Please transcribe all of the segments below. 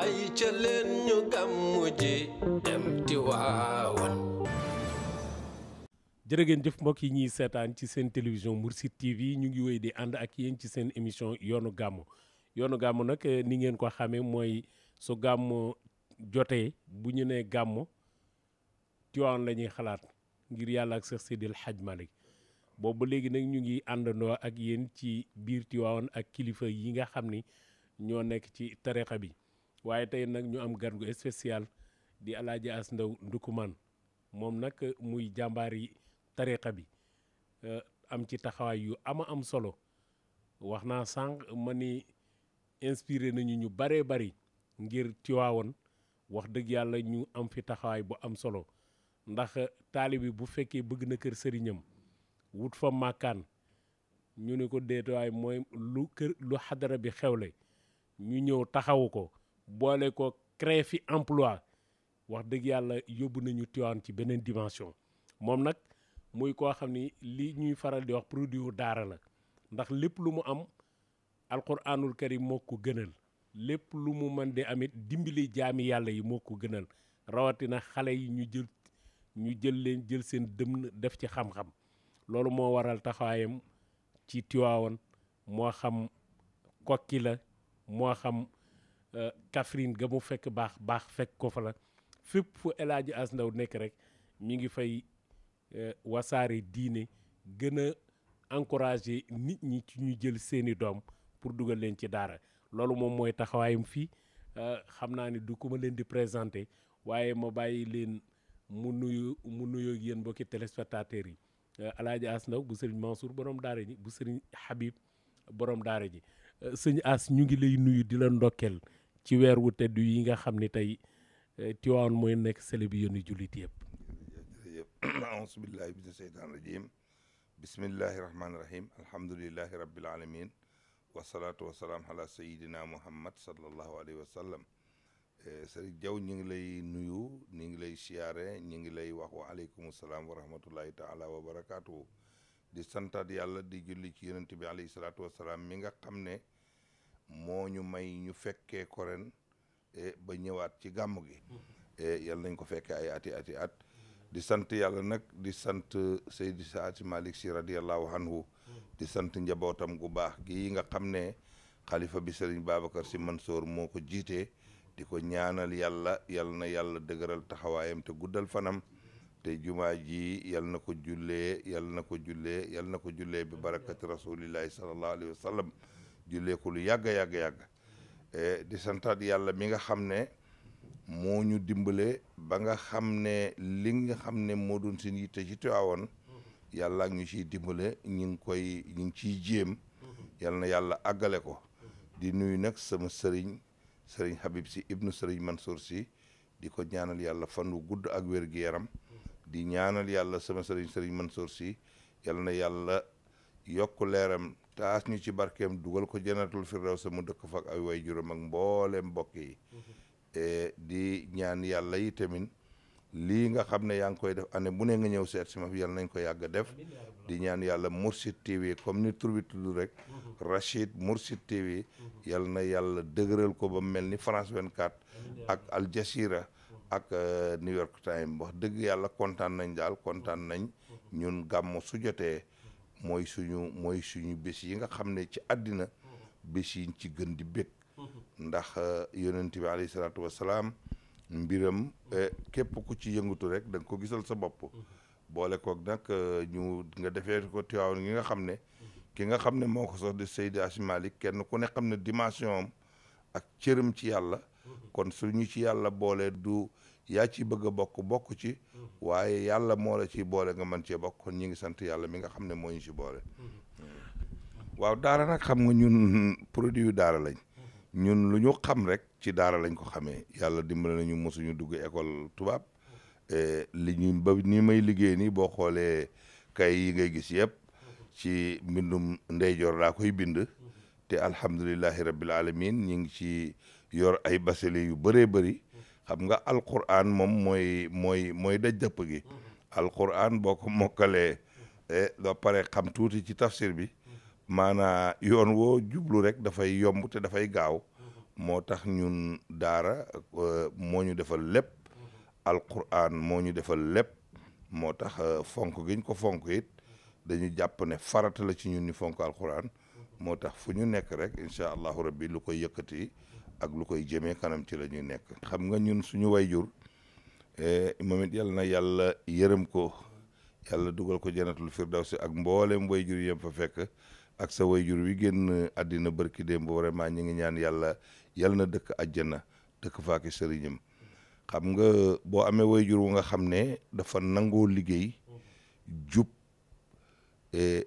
ay ca leen ñu gàmmu ji dem Tiwaawan jërë ngeen jëf mbokk yi ñuy seetaan ci seen télévision Mourchid TV ñu ngi wéy di ànd ak yéen ci seen émission yoonu gàmmu yoonu gàmmu nag eh, ni ngeen ko xamee mooy su gàmmu jotee bu ñu nee gàmmu Tiwaawan la ñuy xalaat ngir yàlla ak Seex Seydil Hadj Malick boobu léegi nag ñu ngi àndandoo ak yéen ci biir Tiwaawan ak kilifa yi nga xam ni ñoo nekk ci tarixa bi waaye tey nag ñu am gan gu spécial di alaaji as ndaw ndukumaan moom nag muy jàmbaar yi tariqa bi eh, am ci taxawaay yu ama am solo wax naa sànq ma ni inspiré nañu ñu baree bari ngir Tiwaawoon wax dëgg yàlla ñu am fi taxawaay bu am solo ndax taalibi bu fekkee bëgg na kër sëriñam wut fa màkkaan ñu ne ko déetawaay mooy lu kër lu xadara bi xewle ñu ñëw taxawu ko boole ko créer fi emploi wax dëgg yàlla yóbbu nañu Tivaouane ci beneen dimension moom nag muy koo xam ni li ñuy faral di wax produit wu daara la ndax lépp lu mu am alquranul karim moo ko gënal lépp lu mu mën di amit dimbali jaami yàlla yi moo ko gënal rawatina xale yi ñu jël ñu jël leen jël seen dëmn def ci xam-xam loolu moo waral taxawaayam ci Tivaouane moo xam kokki la moo xam Euh, Kaffrine ga mu fekk baax baax fekk ko fa la fépp fu El As Ndaw nekk rek mi ngi fay euh, wasaare diine gën a encourager nit ñi ci ñu jël seeni doom pour dugal leen ci daara loolu moom mooy taxawaayam fii euh, xam naa ni du ku ma leen di présenter waaye ma bàyyi leen mu nuyu mu nuyoo ak yéen mbokki téléspectateurs yi El As Ndaw bu sëriñ Mansour borom daara ji bu sëriñ Habib borom daara ji sëñ As ñu ngi lay nuyu di la ndokkeel ci weer wu tedd yi nga xam ni tey eh, Tiwaawan mooy nekk sele bi jullit yëpp jërëjëf aousubillahi mina sheytaan rajim bismillahi rahmaani rahim alhamdulilahi rabbil alamin wasalaatu wasalaam ala sayidina muhammad sallallahu alayhi wa sallam eh, sëriñ Jaw ñi ngi lay nuyu ñi ngi lay siyaare ñi ngi lay wax wa aleykum salaam wa rahmatullahi taala wa barakaatuhu di santaat yàlla di julli ci yonent bi alayhi mi nga xam ne moo ñu may ñu fekkee ko ren e, ba ñëwaat ci gàmm gi e, yal nañ ko fekkee ay ati ati at di sant yàlla nag di sant Seydi Saati Malick si radiallahu anhu di sant njabootam gu baax gi nga xam ne xalifa bi Serigne Babacar si Mansour moo ko jiitee di ko ñaanal yàlla yal na yàlla dëgëral taxawaayam te guddal fanam te jumaa ji yal na ko jullee yal na ko jullee yal na ko jullee bi barakati rasulillahi sallallahu alayhi wa jullee ko lu yàgg yàgg yàgg e, di santaat yàlla mi nga xam ne moo ñu dimbale ba nga xam ne li nga xam ne moo doon seen yitte ci Tiwaawoon yàlla ak ñu ci dimbale ñu ngi koy ñu ngi ciy jéem yal na yàlla àggale ko di nuyu nag sama sëriñ sëriñ Habib si ibnu sëriñ man sor si di ko ñaanal yàlla fan wu gudd ak wér gi yaram di ñaanal yàlla sama sëriñ sëriñ Mansour si yal na yàlla yokk leeram te as ñu ci barkeem dugal ko janatul firdaws mu dëkk fa ak ay way juróom ak mbooleem mbokk yi e, di ñaan yàlla yi tamit lii nga xam ne yaa ngi koy def année bu ne nga ñëw seet si ma fi yàlla nañ ko yàgg def di ñaan yàlla Mourchid TV comme ni tur bi tudd rek mm-hmm. Rachid Mourchid TV mm-hmm. yàlla na yàlla dëgëral ko ba mel ni France 24 ak Al mm-hmm. ak euh, New York Times wax dëgg yàlla kontaan nañ daal kontaan nañ ñun gàmmu su jotee mooy suñu mooy suñu bés yi nga xam ne ci àddina bés yiñ ci gën di bég ndax eh, yonent bi alayhi salaatu wasalaam mbiram eh, képp ku ci yëngatu rek da nga ko gisal sa bopp boole kook nag eh, ñu nga defee ko Tiwaawan gi nga xam ne ki nga xam ne moo ko sos di Seydi Asi Malik kenn ku ne xam ne dimension am ak cëram ci yàlla mm-hmm. kon suñu ci yàlla boole du yaa ci bëgg bokk bokk ci mm-hmm. waaye yàlla moo la ci boole nga mën cee bokk kon ñi ngi sant yàlla mi nga xam ne moo ñu si boole mm-hmm. waaw daara nag xam nga ñun produit yu daara lañ mm-hmm. ñun lu ñu xam rek ci daara lañ ko xamee yàlla dimbale nañu mosuñu dugg école tubaab eh, li ñu ba ni may liggéey nii boo xoolee kay yi ngay gis yëpp ci mbindum ndeyjoor daa koy bind te alhamdulillahi rabbil alamin ñi ngi ci yor ay basale yu baree bari xam nga alquran moom mooy mooy mooy daj dëpp gi alquran boo ko mokkalee e, ba pare xam tuuti ci tafsir bi maanaa yoon woo jublu rek dafay yomb te dafay gaaw moo tax ñun daara e, moo ñu defal lépp alquran moo ñu defal lépp moo tax e, fonk giñ ko fonk it dañu jàpp ne farat la ci ñun ñu fonk alquran moo tax fu ñu nekk rek incha allahu rabbi lu koy yëkkati ak lu koy jëmee kanam ci la ñuy nekk. xam nga ñun suñu wayjur eh, moom it yàlla na yàlla yërëm ko yàlla dugal ko lu janatul firdawsi ak mboolem jur yem fa fekk ak sa jur wi génn àddina barki démb vraiment ñu ngi ñaan yàlla yal na dëkk àjjana dëkk fa ak sëriñam xam nga boo amee jur wu nga xam ne dafa nangoo liggéey jub. Eh,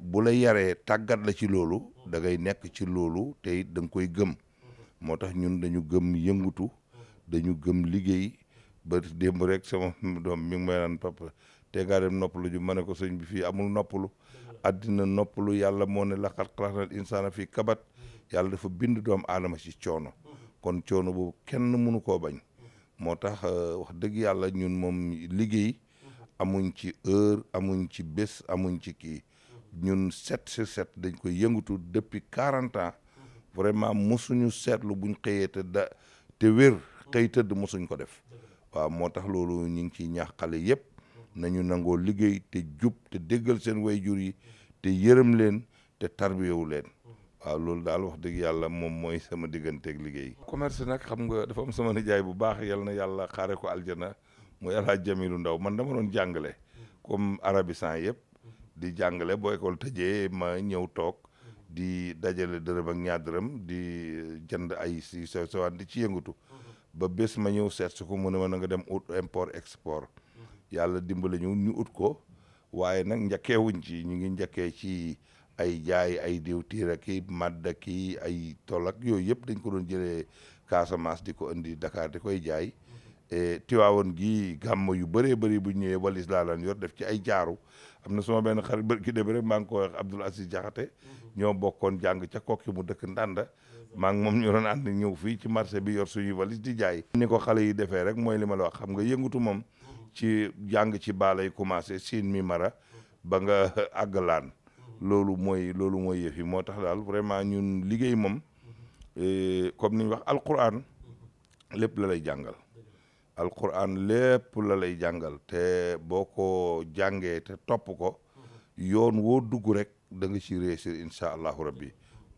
bu la yaree tàggat la ci loolu dangay nekk ci loolu te danga koy gëm moo tax ñun dañu gëm yëngutu dañu gëm liggéey ba démb rek sama doom mi ngi may naan papa te ngaa dem noppalu ju ma ne ko sëñ bi fii amul noppalu àddina noppalu yàlla moo ne laqad xalaqnal insaana fii kabat yàlla dafa bind doom aadama ci coono kon coono boobu kenn mënu koo bañ moo tax euh, wax dëgg yàlla ñun moom liggéey amuñ ci heure amuñ ci bés amuñ ci kii ñun sept sur sept dañ koy yëngatu depuis quarante ans vraiment mosuñu seetlu buñ xëyee te da te wér xëy tëdd mosuñ ko def waaw moo tax loolu ñu ngi ciy ñaax xale yëpp nañu nangoo liggéey te jub te déggal seen way jur yi te yërëm leen te tarbiyewu leen waaw loolu daal wax dëgg yàlla moom mooy sama digganteeg liggéey. commerce nag xam nga dafa am sama nijaay bu baax yal na yàlla xaare ko aljana muy El Hadj Jamilu Ndaw man dama doon jàngale comme arabisant yëpp di jàngale boo école tëjee ma ñëw toog di dajale dërëm ak ñaar dërëm di jënd ay si sew di ci yëngatu ba bés ma ñëw seet su ko mu ne ma na nga dem ut import export yàlla dimbali ñu ñu ut ko waaye nag njëkkeewuñ ci ñu ngi njëkkee ci ay jaay ay diwtiir ak i màdd ak i ay tol ak yooyu yëpp dañ ko doon jëlee Casamance di ko indi Dakar di koy jaay E, tiwaawoon gi gàmm yu bëree bëri bu ñëwee walis laa lan yor def ci ay jaaru am na suma benn xarit bër ki dem rek maa ngi ko wax Aziz Jaxate mhm. ñoo bokkoon jàng ca kokki mu dëkk ndanda mhm. maa ngi moom ñu doon ànd ñëw fii ci marché bi yor suñuy walis di jaay ni ko xale yi defee rek mooy li ma la wax xam nga yëngatu moom mhm. ci jàng ci baalo yi commencé siin mi mara ba nga àgg laan loolu mooy loolu mooy yëf moo tax daal vraiment ñun liggéey moom e, comme ni ñu wax alquran lépp la lay jàngal alquran lépp la lay jàngal te boo ko jàngee te topp ko yoon woo dugg rek da nga ci réussir incha allahu rabbi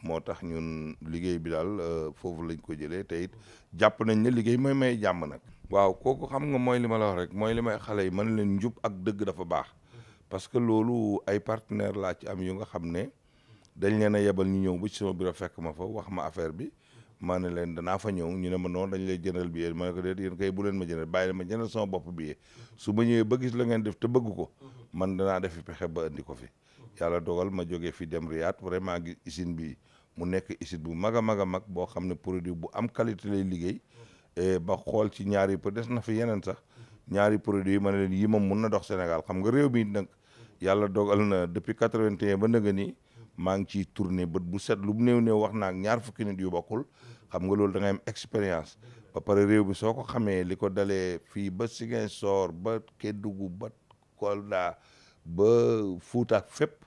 moo tax ñun liggéey bi daal euh, foofu lañ ko jëlee te jàpp nañ ne liggéey mooy may jàmm nag. waaw kooku xam nga mooy li ma la wax rek mooy li may xale yi man leen njub ak dëgg dafa baax parce que loolu ay partenaire laa ci am yu nga xam ne dañ leen a yebal ñu ñëw ba ci sama bureau fekk ma fa wax ma affaire bi. maa leen danaa fa ñëw ñu ne ma noonu dañu lay jëndal billet ma ne ko déet yéen kay bu leen ma jëndal bàyyi leen ma jëndal sama bopp billet su ma ñëwee ba gis la ngeen def te bëgg ko man danaa i pexe ba indi ko fi yàlla dogal ma jógee fi dem Riyad vraiment gi usine bi mu nekk usine bu mag a mag a mag boo xam ne produit bu am qualité lay liggéey eh, ba xool ci ñaari po na fi yeneen sax ñaari produit yi ma ne leen yi moom mun na dox Sénégal xam nga réew mi nag yàlla dogal na depuis quatre-vingt-un ba nëga nii maa ngi ciy tourné bët bu set lu néew néew wax naa ak ñaar fukki nit yu bokkul xam nga loolu da am expérience ba pare réew mi soo ko xamee li ko dalee fii ba Ziguinchor ba Kédougou ba Kolda ba Fuuta ak fépp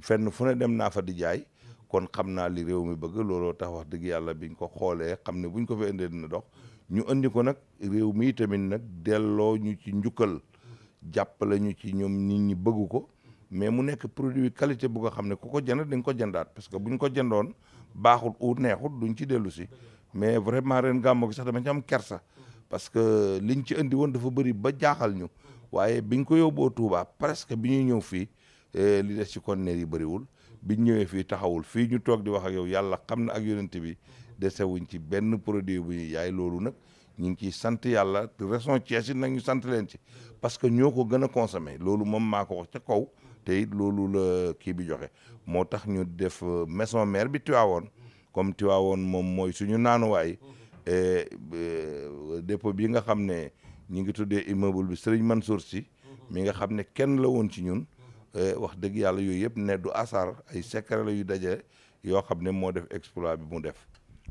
fenn fu ne dem naa fa di jaay kon xam naa li réew mi bëgg looloo tax wax dëgg yàlla biñ ko xoolee xam ne buñ ko fi indee dina dox ñu indi ko nag réew mi tamit nag delloo ñu ci njukkal jàppale ñu ci ñoom nit ñi bëgg ko mais mu nekk produit qualité bu nga xam ne ku ko jënd di ko jëndaat parce que bu ñu ko jëndoon baaxul ou neexul duñ ci dellu si mais vraiment ren gàmmu gi sax dama am kersa parce que liñ ci indi woon dafa bëri ba jaaxal ñu waaye bi nga ko yóbboo Touba presque bi ñuy ñëw fii eh, li des kon conteneur yi bëriwul biñ ñëwee fii taxawul fii ñu toog di wax ak yow yàlla xam na ak yonent bi desewuñ ci benn produit bu ñuy yaay loolu nag ñu ngi ciy sant yàlla région Thiès it nag ñu sant leen ci parce que ñoo ko gën a consommé loolu moom maa ko wax ca kaw te loolu la kii bi joxe moo tax ñu def euh, maison mère bi Tiwaawoon comme Tiwaawoon moom mooy suñu naanuwaay euh, dépôt bii nga xam ne ñu ngi tuddee immeuble bi Serigne Mansour si mi nga xam ne kenn la woon ci ñun wax dëgg yàlla yooyu yëpp ne du asar ay secret la yu daje yoo xam ne moo def exploit bi mu def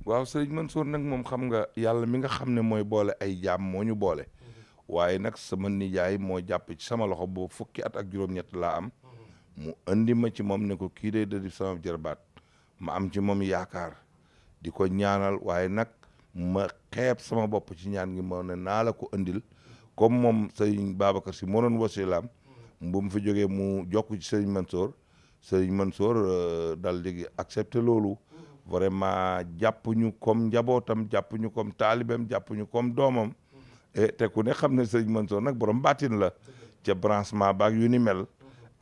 waaw Serigne Mansour nag moom xam nga yàlla mi nga xam ne mooy boole ay jaam moo ñu boole mm-hmm. waaye nag sama nijaay moo jàpp ci sama loxo boobu fukki at ak juróom laa am mu andi ma ci moom ne ko kii day da di sama baat ma am ci moom yaakaar di ko ñaanal waaye nag ma xeeb sama bopp ci ñaan gi moo na naa la ko andil comme moom sëriñ Babacar si moo doon wasilaam bu mu fi jógee mu jokku man ci sëriñ Mansour sëriñ Mansour euh, dal di accepté loolu vraiment jàpp ñu comme njabootam jàpp ñu comme taalibeem jàpp ñu comme doomam te ku ne xam ne man Mansour nag borom baatin la ca branchement baag yu ni mel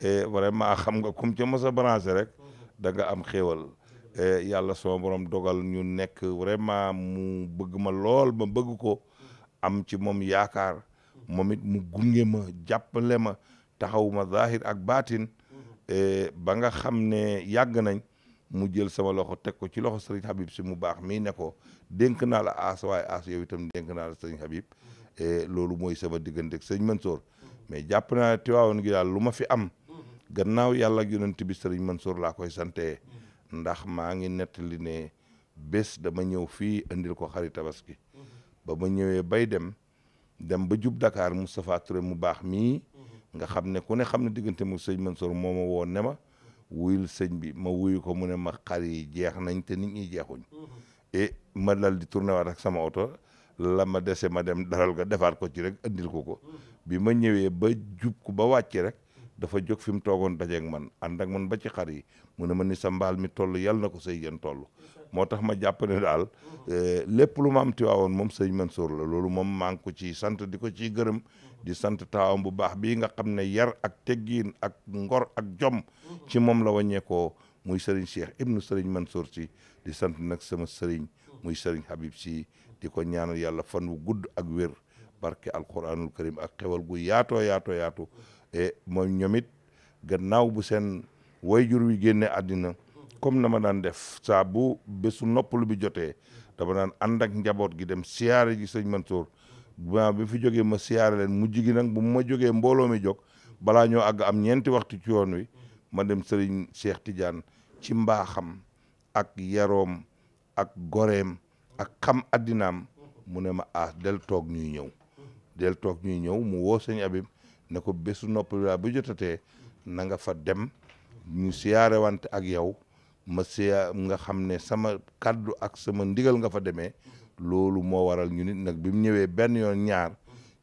et eh, vraiment xam nga comme ca ma sa branché rek da nga am xéewal eh, yàlla sama borom dogal ñu nekk vraiment mu bëgg lool ma bëgg ko am ci moom yaakaar moom it mu gunge ma jàppale ma taxaw ma zahir ak baatin eh, ba nga xam ne yàgg nañ mu jël sama loxo teg ko ci loxo sëriñ Habib si mu baax mi ne ko dénk naa la aas waaye aas yow itam dénk naa la sëriñ loolu mooy sama diggante ak sëñ Mansour mais jàpp naa ne Tiwaawoon gi daal lu ma fi am gannaaw yàlla ak yonent bi sëriñ Mansour laa koy sante ndax maa ngi nettali ne bés dama ñëw fii indil ko xari tabaski ba ma ñëwee bay dem dem ba jub dakaar mu Touré mu baax mii nga xam ne ku ne xam ne diggante mu sëñ Mansour moo ma woon ne ma wuyul sëñ bi ma wuyu ko mu ne ma xar jeex nañ te nit ñi jeexuñ et ma dal di tourné waat ak sama oto la ma dese ma dem daral ga defaat ko ci rek andil ko ko bi ma ñëwee ba jub ko ba wàcce rek dafa jóg fi mu toogoon dajeeg man ànd ak man ba ci xar yi mu ne ma ni sa mbaal mi toll yàlla na ko say jën toll moo tax ma jàpp ne daal eh, lépp lu ma am tiwaawoon moom sëñ Mansour la loolu moom maa ngi ko ciy sant di ko ciy gërëm di sant taawam bu baax bii nga xam ne yar ak teggiin ak ngor ak jom ci moom la wàññeekoo muy sëriñ Cheikh ibnu man Mansour si di sant nag sama sëriñ muy sëriñ Habib si di ko ñaanal yàlla fan wu gudd ak wér barke alquranul karim ak xewal gu yaatoo yaatoo yaatu et mooy ñoom it gannaaw bu seen wayjur wi génne àddina comme na ma daan def saa bu bésu noppalu bi jotee dama daan ànd ak njaboot gi dem siyaare ji sëñ Mansour ba bi fi jógee ma siyaare leen mu gi nag bu ma jógee mbooloo mi jóg balaa ñoo àgg am ñeenti waxtu ci yoon wi ma dem sëriñ Cheikh Tidiane ci mbaaxam ak yaroom ak goreem ak xam addinaam mu ne ma ah del toog ñuy ñëw del toog ñuy ñëw mu woo sëñ Abib ne ko bésu noppi laa bu jotatee na nga fa dem ñu siyaare wante ak yow ma siya nga xam ne sama kaddu ak sama ndigal nga fa demee loolu moo waral ñu nit nag bi mu ñëwee benn yoon ñaar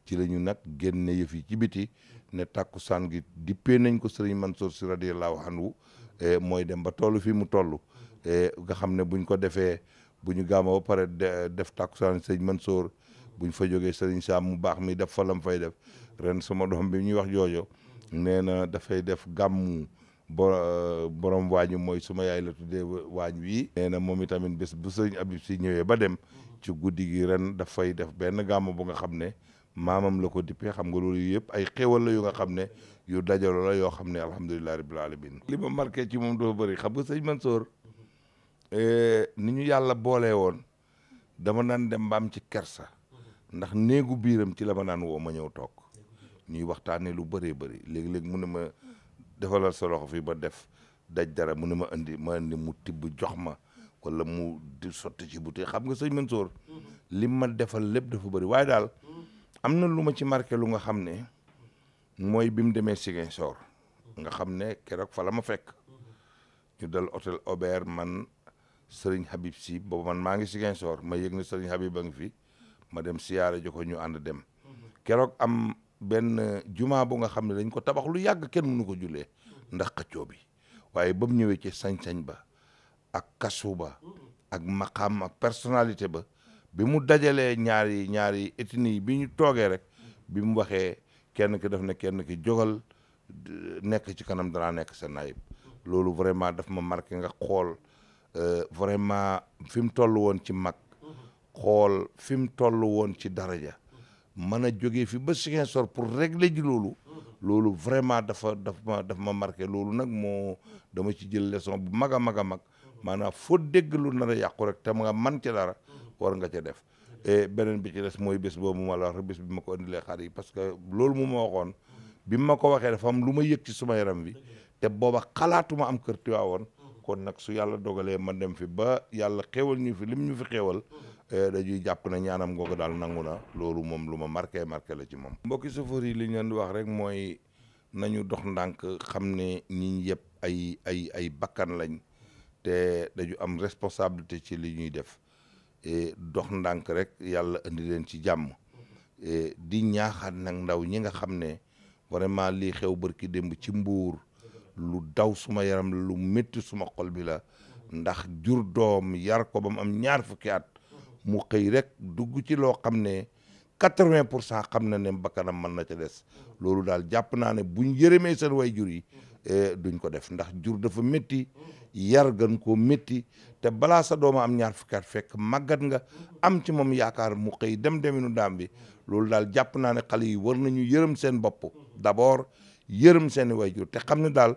ci la ñu nag génne yëf yi ci biti ne tàkkusaan gi dippee nañ ko sëriñ Mansour si radiyallahu anhu e, mooy dem ba toll fii mu toll e, nga xam ne buñ ko defee bu ñu gàmmoo ba pare def tàkkusaan sëriñ Mansour bu ñu fa jógee Serigne Sam mu baax mi def fa lam fay def ren sama doom bi ñuy wax joojo nee na dafay def gàmmu bo euh, borom waañu mooy suma yaay la tuddee waañ wii nee na moom itamit bés bu Serigne Abib si ñëwee ba dem ci guddi gi ren dafay def benn gàmmu bu nga xam ne maamam la ko dippee xam nga loolu yëpp ay xéwal la yu nga xam ne yu dajaloo yoo xam ne alhamdulilah rabbil alamin li ma marqué ci moom dafa bëri xam nga sëñ Mansour eh, ni ñu yàlla boolee woon dama naan dem ba am ci kersa ndax néegu biiram ci la ma naan woo ma ñëw toog ñuy waxtaanee lu bëree bëri léegi-léegi mu ne ma defalal sa loxo fii ba def daj dara mu ne ma indi ma indi mu tibb jox ma wala mu di sotti ci buté xam nga sëñ Mansour li ma defal lépp dafa bëri waaye daal am na lu ma ci marqué lu nga xam ne mooy bi mu demee Ziguinchor nga xam ne keroog fa la ma fekk ñu dal otel Aubert man Serigne Habib si boobu man maa ngi Ziguinchor ma yëg ne Serigne Habib a ngi fi ma dem siyaare ji ko ñu ànd dem keroog am benn juma bu nga xam ne dañ ko tabax lu yàgg kenn nu ko julee ndax xëccoo bi waaye ba mu ñëwee ci sañ-sañ ba ak kasu ba ak maqaam ak personnalité ba bi mu dajalee ñaari ñaari ethnie bi ñu toogee rek bi mu waxee kenn ki def na kenn ki jógal nekk ci kanam danaa nekk sa naayib loolu vraiment daf ma marqué nga xool euh, vraiment fi mu woon ci mag xool fi mu toll woon ci daraja mën a jógee fi ba Ziguinchor pour régler ji loolu loolu vraiment dafa dafa ma dafa ma marqué loolu nag moo dama ci jël leçon bu mag a mag a mag maanaam foo dégg lu nar a yàqu rek te nga man ca dara war nga ca def et beneen bi ci des mooy bés boobu mu ma la wax rek bés bi ma ko indilee xar yi parce que loolu mu waxoon bi ma ko waxee dafa am lu ma yëg ci suma yaram wi te booba xalaatuma am kër Tiwaawoon kon nag su yàlla dogalee ma dem fi ba yàlla xéwal ñu fi lim ñu fi xéwal eh, dañuy jàpp na ñaanam googu daal nangu na loolu moom lu ma marqué marqué la ci moom. mbokki chauffeur yi li ñu leen wax rek mooy nañu dox ndànk xam ne ñi yëpp ay ay ay bakkan lañ te dañu am responsabilité ci li ñuy def e, dox ndànk rek yàlla indi leen ci jàmm e, di ñaaxaat nag ndaw ñi nga xam ne vraiment lii xew barki démb ci mbuur lu daw suma yaram lu métti suma xol bi la ndax jur doom yar ko ba mu am ñaar fukki at mu xëy rek dugg ci loo xam ne quatre-vingt pour cent xam na ne bakkanam mën na ca des loolu daal jàpp naa ne buñ yërëmee seen way jur yi eh, duñ ko def ndax jur dafa métti yar gën ko métti te balaa sa doom am ñaar fukki at fekk màggat nga am ci moom yaakaar mu xëy dem deminu daam bi loolu daal jàpp naa ne xale yi war nañu yërëm seen bopp d'abord yërëm seen i jur te xam ne daal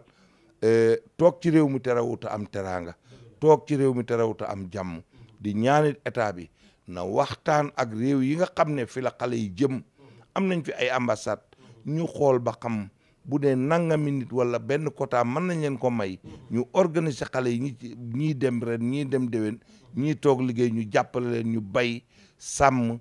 eh, toog ci réew mi terewut a am teraanga toog ci réew mi terewut a am jàmm di ñaanit état bi na waxtaan ak réew yi nga xam ne fi la xale yi jëm am nañ fi ay ambassade ñu xool ba xam bu dee nangami nit wala benn quota mën nañ leen ko may ñu organiser xale yi ñi ñii dem ren ñii dem déwén ñii toog liggéey ñu jàppale leen ñu bay sàmm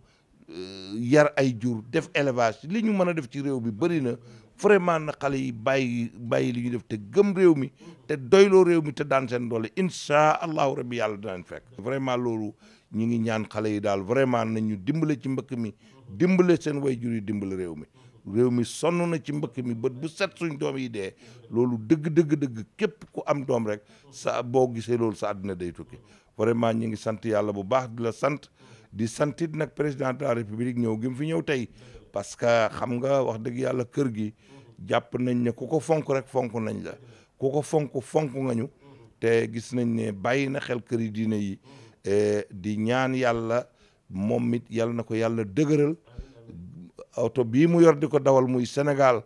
eh, yar ay jur def élevage li ñu mën a def ci réew bi bëri na vraiment na xale yi bàyyi bàyyi li ñu def te gëm réew mi te doyloo réew mi te daan seen doole incha allahu rabbi yàlla danañ fekk vraiment loolu ñu ngi ñaan xale yi daal vraiment ñu dimbale ci mbëkk mi dimbale seen way yi dimbale réew mi réew mi sonn na ci mbëkk mi bët bu set suñ doom yi dee loolu dëgg dëgg dëgg képp ku am doom rek sa boo gisee loolu sa àddina day tukki vraiment ñu ngi sant yàlla bu baax di la sant di santit nag président de la république ñëw fi ñëw tey parce que xam nga wax dëgg yàlla kër gi jàpp nañ ne ku ko fonk rek fonk nañ la ku ko fonk fonk nga ñu te gis nañ ne bàyyi na xel kër yi diine yi e, di ñaan yàlla moom it yàlla na ko yàlla dëgëral oto bii mu yor di ko dawal muy Sénégal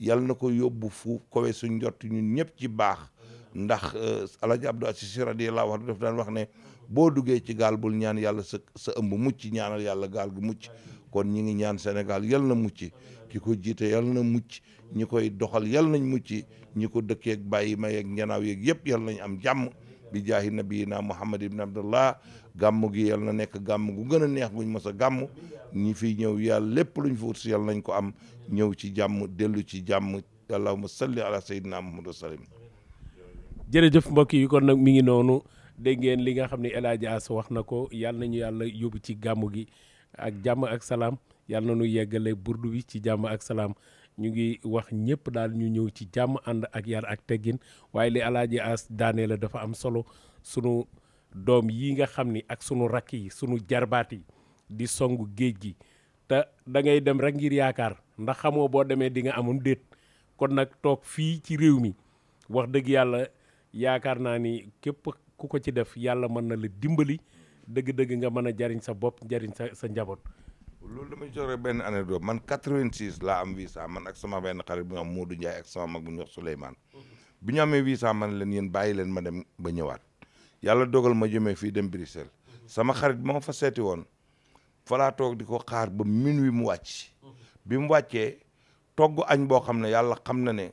yàlla na ko yóbbu fu kowe suñ njort ñun ñëpp ci baax ndax e, Alaaji Abdou Aziz radiyallahu anhu daf daan wax ne boo duggee ci gaal bul ñaan yàlla sa sa ëmb mucc ñaanal yàlla gaal gi mucc kon ñi ngi ñaan senegal yal na mucc ki ko jiite yal na mucc ñi koy doxal yal nañ mucc ñi ko dëkkeeg bàyyi ma yeeg njanaaw yeeg yëpp yal nañ am jàmm bi jaahi naa Muhammad ibn Abdallah gàmm gi yal na nekk gàmm gu gën a neex guñ mës a gàmm ñi fi ñëw yàlla lépp luñ fa wut si yal nañ ko am ñëw ci jàmm dellu ci jàmm allahumma salli ala sayyidina Muhammad wa sallim jërëjëf mi ngi noonu dégg li nga xam ne El Hadj wax na ko yàlla nañu yàlla yóbbu ci gàmm gi ak jàmm ak salaam yàlla na nu yeggale burdu bi ci jàmm ak salaam ñu ngi wax ñëpp daal ñu ñëw ci jàmm ànd ak yar ak teggin waaye li alaaji as daanee la dafa am solo sunu doom yi nga xam ni ak sunu rakk yi sunu jarbaat yi di songu géej gi te dangay dem rek ngir yaakaar ndax xamoo boo demee di nga amoon déet kon nag toog fii ci réew mi wax dëgg yàlla yaakaar naa ni képp ku ko ci def yàlla mën na la dimbali dëgg-dëgg nga mën a jariñ sa bopp jariñ sa sa njaboot. loolu damay joxe benn anecdote man 86 laa am visa man ak sama benn xarit bu ñu am Modou Ndiaye ak sama mag bu ñu wax Souleymane mhm. bi ñu amee visa man leen yéen bàyyi leen ma dem ba ñëwaat yàlla dogal ma jëmee fii dem Bruxelles mhm. sama xarit bi ma fa seeti woon fa toog di ko xaar ba miin wi mu wàcc mhm. bi mu wàccee togg añ boo xam ne yàlla xam na ne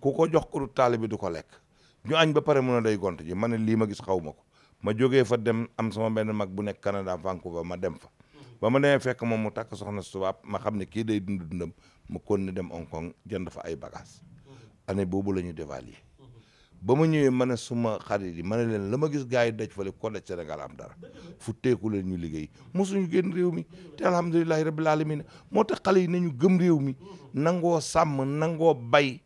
ku ko jox ko taalibe bi du ko lekk ñu añ ba pare mun a day gont ji ma ne lii ma gis xaw ma ko ma jógee fa dem am sama benn mag bu nekk Canada Vancouver ma dem fa ba ma demee fekk moom mu takk soxna subaab ma xam ne kii day dund dundam ma kon ne dem Hong Kong fa ay bagages année boobu la ñu dévalué ba ma ñëwee ma ne suma xarit yi ma ne leen la ma gis gars yi daj fale ko daj Sénégal am leen ñu liggéey mosuñu génn réew mi te alhamdulilahi rabbil alamin moo tax xale yi na ñu gëm réew mi nangoo sàmm nangoo bay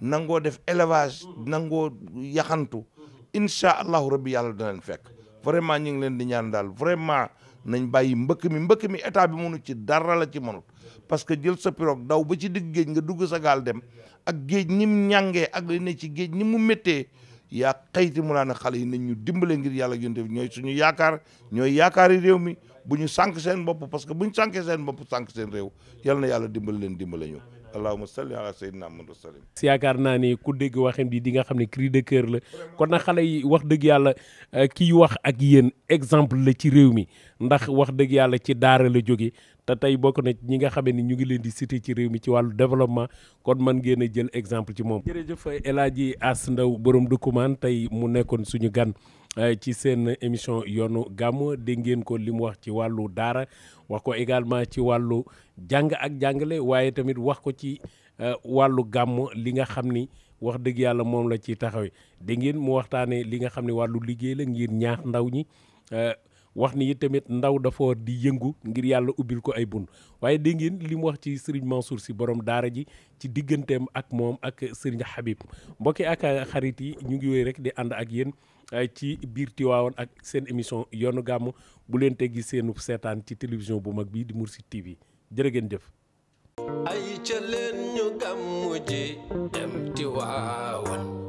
nangoo def élevage nangoo yaxantu incha allahu rabbi yàlla dana leen fekk vraiment ñu ngi leen di ñaan daal vraiment nañ bàyyi mbëkk mi mbëkk mi état bi mënu ci dara la ci mënut parce que jël sa pirogue daw ba ci digg géej nga dugg sa gaal dem ak géej ni mu ñàngee ak li ci géej ni mu méttee yaa xayti mu naa ne xale yi nañ ñu dimbale ngir yàlla yonte bi ñooy suñu yaakaar ñooy yaakaari réew mi bu ñu sànq seen bopp parce que bu ñu sànkee seen bopp sànq seen réew yal na yàlla dimbale leen dimbale ñu allahumma naa ala sayyidina Muhammad si yaakaar naa ni ku dégg waxin bi di nga xam ne cri de cœur la kon na xale yi wax dëgg yàlla euh, kiy wax ak yéen exemple la ci réew mi ndax wax dëgg yàlla ci daara la jóge te tey bokk na ñi nga xamee ni ñu ngi leen di cité ci réew mi ci wàllu développement kon man ngeen a jël exemple ci moom. jëf jërëjëf El Hadji Ass Ndaw borom Ndoukoumane tey mu nekkoon suñu gan. Eh, ci seen émission yoonu gàmm dégg ngeen ko li mu wax ci wàllu daara wax ko également ci wàllu jàng ak jàngale waaye tamit wax ko ci eh, wàllu gàmm li nga xam ni wax dëgg yàlla moom la ci taxawee dégg ngeen mu waxtaanee li nga xam ne wàllu liggéey la ngir ñaax ndaw ñi eh, wax ni tamit ndaw dafa war di yëngu ngir yàlla ubbil ko ay bun waaye dégg ngeen li mu wax ci Serigne Mansour si borom daara ji ci digganteem ak moom ak Serigne Habib mbokki ak xarit yi ñu ngi wéy rek di ànd ak yéen. ci biir Tiwaawan ak seen émission yoonu gàmmu bu leen teggi seenu seetaan ci télévision bu mag bii di Mourchid TV jërë ngeen jëf. ay ca leen ñu gàmmu ji dem Tiwaawan